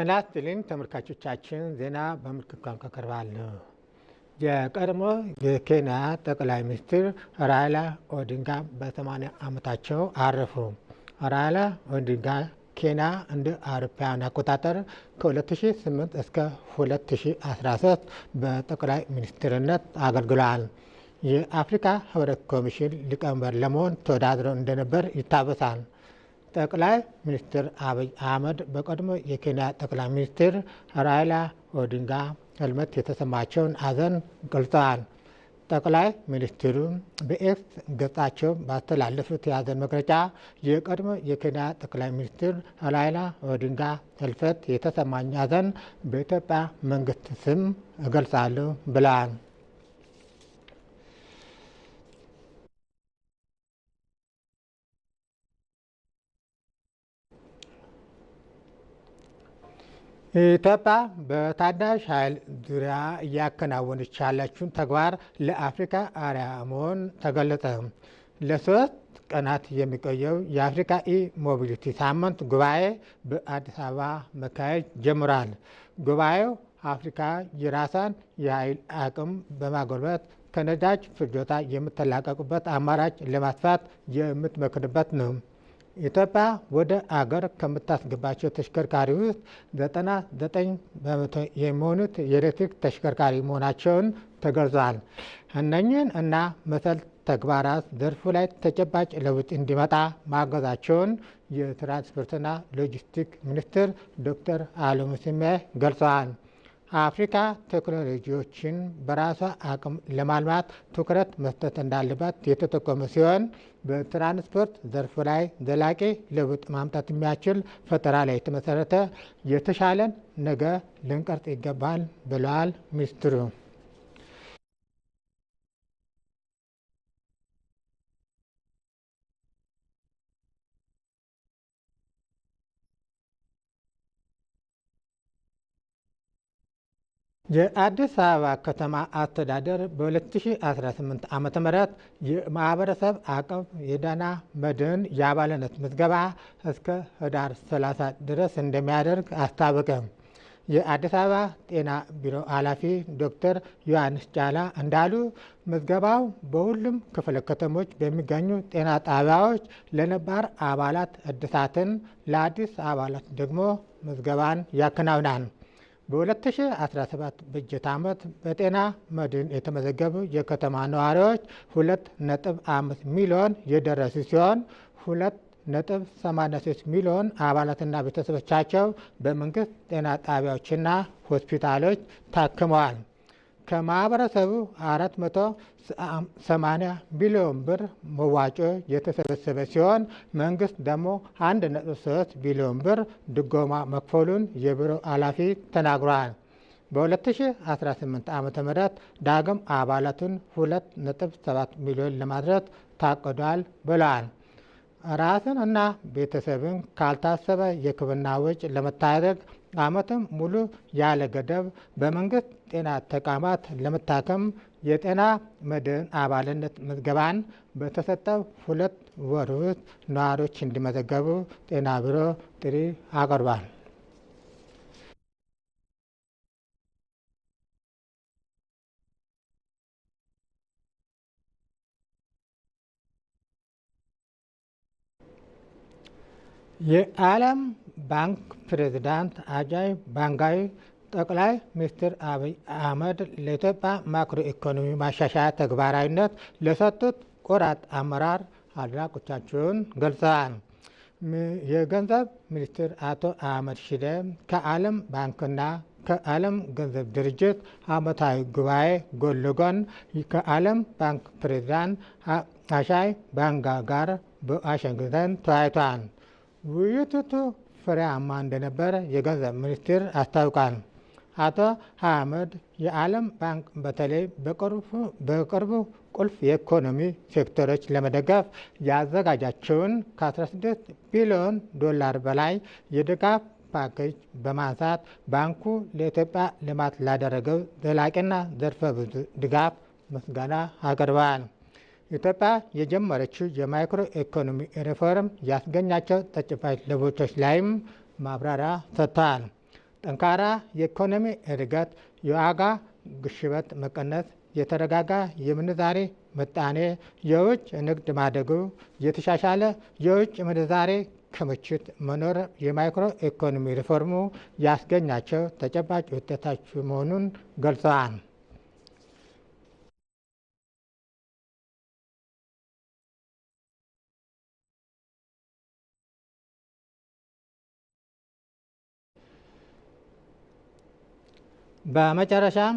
ጤና ይስጥልኝ ተመልካቾቻችን፣ ዜና በምልክት ቋንቋ ቀርባል። የቀድሞ የኬንያ ጠቅላይ ሚኒስትር ራይላ ኦዲንጋ በሰማንያ ዓመታቸው አረፉ። ራይላ ኦዲንጋ ኬንያ እንደ አውሮፓውያን አቆጣጠር ከ2008 እስከ 2013 በጠቅላይ ሚኒስትርነት አገልግሏል። የአፍሪካ ሕብረት ኮሚሽን ሊቀመንበር ለመሆን ተወዳድረው እንደነበር ይታወሳል። ጠቅላይ ሚኒስትር አብይ አህመድ በቀድሞ የኬንያ ጠቅላይ ሚኒስትር ራይላ ኦዲንጋ ህልመት የተሰማቸውን አዘን ገልጸዋል። ጠቅላይ ሚኒስትሩ በኤክስ ገጻቸው ባስተላለፉት የአዘን መግለጫ የቀድሞ የኬንያ ጠቅላይ ሚኒስትር ራይላ ኦዲንጋ ህልፈት የተሰማኝ ሀዘን በኢትዮጵያ መንግስት ስም እገልጻለሁ ብለዋል። ኢትዮጵያ በታዳሽ ኃይል ዙሪያ እያከናወነች ያለችውን ተግባር ለአፍሪካ አርአያ መሆን ተገለጠ። ለሶስት ቀናት የሚቆየው የአፍሪካ ኢ ሞቢሊቲ ሳምንት ጉባኤ በአዲስ አበባ መካሄድ ጀምሯል። ጉባኤው አፍሪካ የራሳን የኃይል አቅም በማጎልበት ከነዳጅ ፍጆታ የምትላቀቁበት አማራጭ ለማስፋት የምትመክርበት ነው። ኢትዮጵያ ወደ አገር ከምታስገባቸው ተሽከርካሪ ውስጥ 99 በመቶ የሚሆኑት የኤሌክትሪክ ተሽከርካሪ መሆናቸውን ተገልጿል። እነኝህን እና መሰል ተግባራት ዘርፉ ላይ ተጨባጭ ለውጥ እንዲመጣ ማገዛቸውን የትራንስፖርትና ሎጂስቲክ ሚኒስትር ዶክተር አለሙ ስሜ ገልጸዋል። አፍሪካ ቴክኖሎጂዎችን በራሷ አቅም ለማልማት ትኩረት መስጠት እንዳለባት የተጠቆመ ሲሆን በትራንስፖርት ዘርፍ ላይ ዘላቂ ለውጥ ማምጣት የሚያስችል ፈጠራ ላይ የተመሰረተ የተሻለን ነገ ልንቀርጽ ይገባል ብለዋል ሚኒስትሩ። የአዲስ አበባ ከተማ አስተዳደር በ2018 ዓ ም የማህበረሰብ አቀፍ የደህና መድን የአባልነት ምዝገባ እስከ ህዳር 30 ድረስ እንደሚያደርግ አስታወቀ። የአዲስ አበባ ጤና ቢሮ ኃላፊ ዶክተር ዮሐንስ ጫላ እንዳሉ ምዝገባው በሁሉም ክፍለ ከተሞች በሚገኙ ጤና ጣቢያዎች ለነባር አባላት እድሳትን፣ ለአዲስ አባላት ደግሞ ምዝገባን ያከናውናል። በ2017 በጀት ዓመት በጤና መድን የተመዘገቡ የከተማ ነዋሪዎች 2.5 ሚሊዮን የደረሱ ሲሆን 2.86 ሚሊዮን አባላትና ቤተሰቦቻቸው በመንግስት ጤና ጣቢያዎችና ሆስፒታሎች ታክመዋል። ከማህበረሰቡ 480 ቢሊዮን ብር መዋጮ የተሰበሰበ ሲሆን መንግስት ደግሞ 1.3 ቢሊዮን ብር ድጎማ መክፈሉን የቢሮ ኃላፊ ተናግሯል። በ2018 ዓ ም ዳግም አባላቱን 2.7 ሚሊዮን ለማድረስ ታቅዷል ብለዋል። ራስን እና ቤተሰብን ካልታሰበ የሕክምና ወጪ ለመታደግ ዓመትም ሙሉ ያለ ገደብ በመንግስት ጤና ተቋማት ለመታከም የጤና መድን አባልነት ምዝገባን በተሰጠው ሁለት ወር ውስጥ ነዋሪዎች እንዲመዘገቡ ጤና ቢሮ ጥሪ አቅርቧል። የዓለም ባንክ ፕሬዝዳንት አጃይ ባንጋይ ጠቅላይ ሚኒስትር አብይ አህመድ ለኢትዮጵያ ማክሮ ኢኮኖሚ ማሻሻያ ተግባራዊነት ለሰጡት ቆራጥ አመራር አድናቆታቸውን ገልጸዋል። የገንዘብ ሚኒስትር አቶ አህመድ ሺዴ ከዓለም ባንክና ከዓለም ገንዘብ ድርጅት ዓመታዊ ጉባኤ ጎን ለጎን ከዓለም ባንክ ፕሬዝዳንት አሻይ ባንጋ ጋር በዋሽንግተን ተወያይተዋል። ውይይቱ ፍሬያማ እንደነበረ የገንዘብ ሚኒስቴር አስታውቃል። አቶ ሀመድ የዓለም ባንክ በተለይ በቅርቡ ቁልፍ የኢኮኖሚ ሴክተሮች ለመደገፍ ያዘጋጃቸውን ከ16 ቢሊዮን ዶላር በላይ የድጋፍ ፓኬጅ በማንሳት ባንኩ ለኢትዮጵያ ልማት ላደረገው ዘላቂና ዘርፈ ብዙ ድጋፍ ምስጋና አቅርበዋል። ኢትዮጵያ የጀመረችው የማይክሮ ኢኮኖሚ ሪፎርም ያስገኛቸው ተጨባጭ ለውጦች ላይም ማብራሪያ ሰጥተዋል። ጠንካራ የኢኮኖሚ እድገት፣ የዋጋ ግሽበት መቀነስ፣ የተረጋጋ የምንዛሬ ምጣኔ፣ የውጭ ንግድ ማደጉ፣ የተሻሻለ የውጭ ምንዛሬ ክምችት መኖር የማይክሮ ኢኮኖሚ ሪፎርሙ ያስገኛቸው ተጨባጭ ውጤቶች መሆኑን ገልጸዋል። በመጨረሻም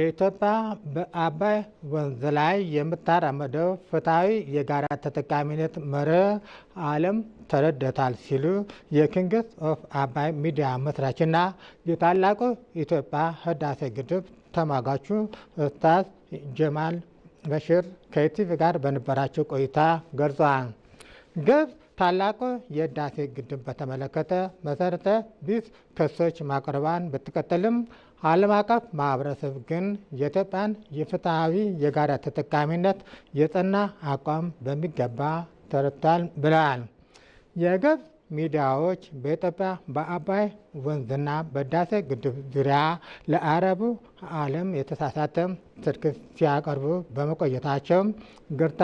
ኢትዮጵያ በአባይ ወንዝ ላይ የምታራመደው ፍትሐዊ የጋራ ተጠቃሚነት መርህ ዓለም ተረድቶታል ሲሉ የኪንግስ ኦፍ አባይ ሚዲያ መስራችና የታላቁ ኢትዮጵያ ህዳሴ ግድብ ተሟጋቹ ኡስታዝ ጀማል በሽር ከኢቲቪ ጋር በነበራቸው ቆይታ ገልጿል። ግብጽ ታላቁ የህዳሴ ግድብ በተመለከተ መሰረተ ቢስ ክሶች ማቅረቧን ብትቀጥልም ዓለም አቀፍ ማህበረሰብ ግን የኢትዮጵያን የፍትሐዊ የጋራ ተጠቃሚነት የጸና አቋም በሚገባ ተረድቷል ብለዋል። የግብፅ ሚዲያዎች በኢትዮጵያ በአባይ ወንዝና በህዳሴ ግድብ ዙሪያ ለአረቡ ዓለም የተሳሳተ ስርክስ ሲያቀርቡ በመቆየታቸው ግርታ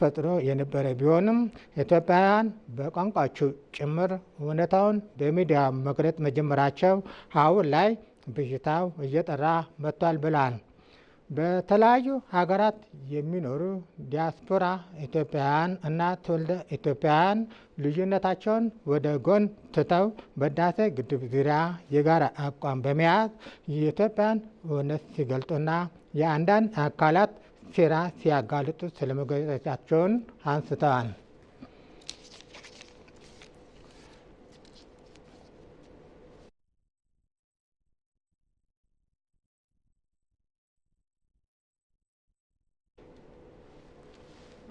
ፈጥሮ የነበረ ቢሆንም ኢትዮጵያውያን በቋንቋቸው ጭምር እውነታውን በሚዲያ መግለጽ መጀመራቸው አሁን ላይ ብዥታው እየጠራ መጥቷል ብሏል። በተለያዩ ሀገራት የሚኖሩ ዲያስፖራ ኢትዮጵያውያን እና ትውልደ ኢትዮጵያውያን ልዩነታቸውን ወደ ጎን ትተው በህዳሴ ግድብ ዙሪያ የጋራ አቋም በመያዝ የኢትዮጵያን እውነት ሲገልጡና የአንዳንድ አካላት ሴራ ሲያጋልጡ ስለመግለጫቸውን አንስተዋል።